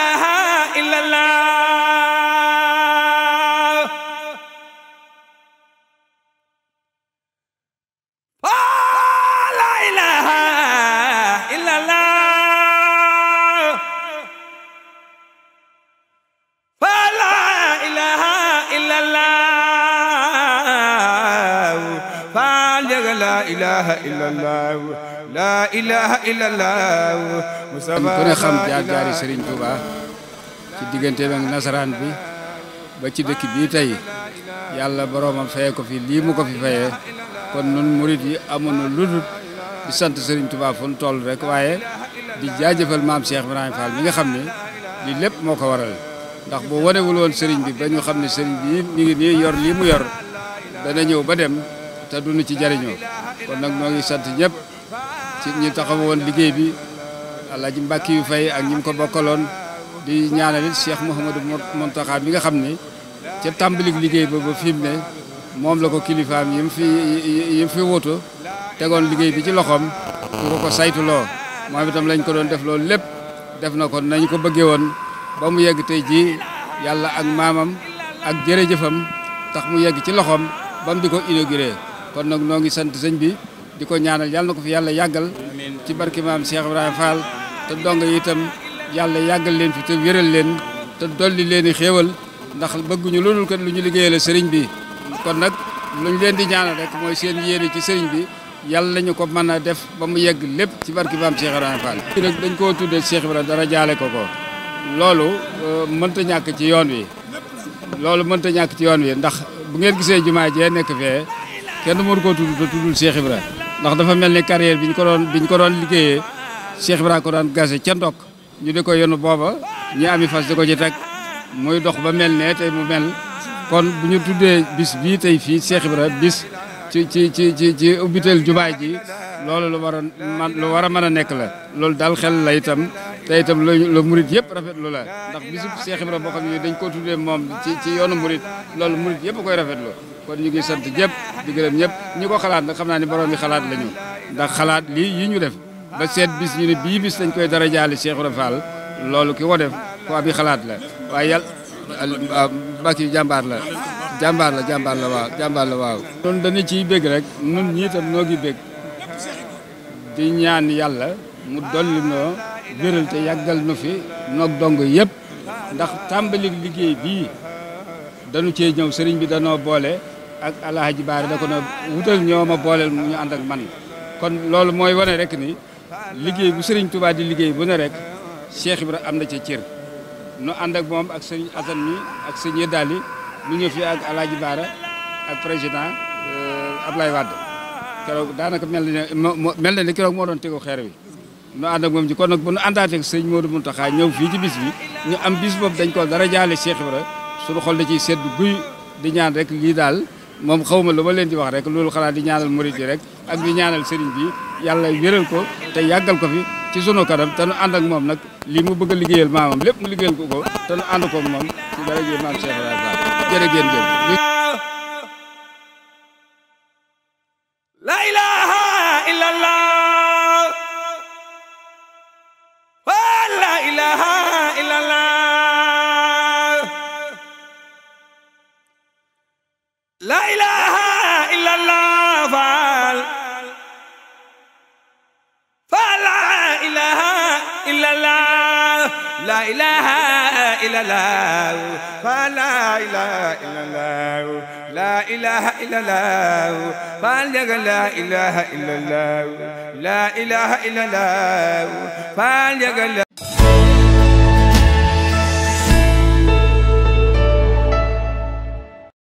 ilaha illallah laa ilaaha illallah laa ilaaha illallah Mustafa ku ne xam ci digganteem ak nasaraan bi ba ci dëkk bii tey yàlla boroomam feye ko fi lii mu ko fi fayee kon nun murit yi amoon na lu dul sant sëriñ Touba fu nu rek waaye di jaajëfal maam Cheikh Ibrahima Fall mi nga xam ne lii lépp moo ko waral ndax boo wanewul woon Serigne bi ba ñu xam ne Serigne bi mu ngi nii yor lii mu yor dana ñëw ba dem. te duñu ci jariñoo kon nag moo ngi sant ñëpp ci ñi taxawoon liggéey bi Alaaji Mbàkke yu fay ak ñi mu ko bokkaloon di ñaanal it Cheikh Mouhamadou Mountakha mi nga xam ni ca tàmbalik liggéey ba ba fi mu ne moom la ko kilifaam yi mu fi yi fi woto tegoon liggéey bi ci loxoom pour ko saytu loo moom itam lañ ko doon def loolu lépp def na ko nañ ko bëggee woon ba mu yegg tey jii yàlla ak maamam ak jërëjëfam tax mu yegg ci loxoom ba mu di ko inauguré kon nag noo ngi sant sëñ bi di ko ñaanal yàlla na ko fi yàlla yàggal ci barke maam Cheikh Ibrahima Fall te donga itam yàlla yàggal leen fi te wéral leen te dolli leen i xéewal ndax bëgguñu loolul kat lu ñu liggéeyal seriñ bi kon nag luñ leen di ñaanal rek mooy seen yéene ci sëriñ bi yàlla nañu ko mën a def ba mu yegg lépp ci barke maam Cheikh Ibrahima Fall dañ koo tuddee Cheikh Ibrahima dara jaale ko ko loolu euh, mënta ñàkk ci yoon wi loolu mënta ñàkk ci yoon wi ndax bu gisee jumaa jee nekk kenn mënu koo tudd te tuddul Cheikh Ibra ndax dafa mel ni carrière bi ñu ko doon bi ñu ko doon liggéeyee Cheikh Ibra ko daan gase ca ndokk ñu di ko yenu booba ñi ami fas di ko ci teg muy dox ba mel ne tey mu mel kon bu ñu tuddee bis bii tey fii Cheikh Ibra bis ci ci ci ci ci ubbiteel jubaay ji loolu lu war a man lu war a mën a nekk la loolu daal xel la itam te itam loolu murit yëpp rafetlu la ndax bisub Seex Ibra boo xam ne dañ ko tuddee moom ci ci yoonu murit loolu murit yëpp koy rafetlu kon ñu ngi sant ñëpp di gërëm ñëpp ñi ko xalaat nag xam naa ni borom yi xalaat la ñu ndax xalaat lii yi ñu def ba seet bis ñu ne bii bis dañ koy dara jaali Seex Ibra Fall loolu ki ko def ko abi xalaat la waaye yàlla ah, bàkki jàmbaar la jàmbaar la jàmbaar la waaw jàmbaar la waaw noonu dañu ciy bég rek nun ñii tam noo ngi bég di ñaan yàlla mu dolli wéral te yàggal nu fi noog dong yëpp ndax tàmbali liggéey bii dañu cee ñëw sëriñ bi danoo boole ak alaaji baare da ko ne wutal ñoo ma booleel mu ñu ànd ak man kon loolu mooy wane rek ni liggéey bu sëriñ Touba di liggéey bu ne rek Cheikh Ibra am na ca cër nu ànd moom ak sëriñ Asan ak sëñ daali nu ñëw fi ak alaaji baara ak président euh, Ablaye Wade keroog daanaka mel na ne mel na ne keroog moo doon tegu xeer wi nu ànd ak moom ci kon nag bu nu àndaateeg sëñ Modou Mountakha ñëw fii ci bis bi ñu am bis boobu dañ koo dara jaale Cheikh Ibra suñu xol da ciy sedd guy di ñaan rek lii daal moom xaw ma lu ma leen di wax rek loolu xanaa di ñaanal murid yi rek ak di ñaanal sëriñ bi yàlla wéral ko te yàggal ko fi ci sunu kanam te nu ànd ak moom nag lii mu bëgg a liggéeyal maamam lépp mu liggéeyal ko ko te nu ànd ko moom ci dara jël maam Cheikh Ibra jërë ngeen jëf ilaha illallah la ilaha illallah faal faal la ilaha illallah la ilaha illallah faal la ilaha illallah لا إله إلا الله فالجغ لا إله إلا الله لا إله إلا الله فالجغ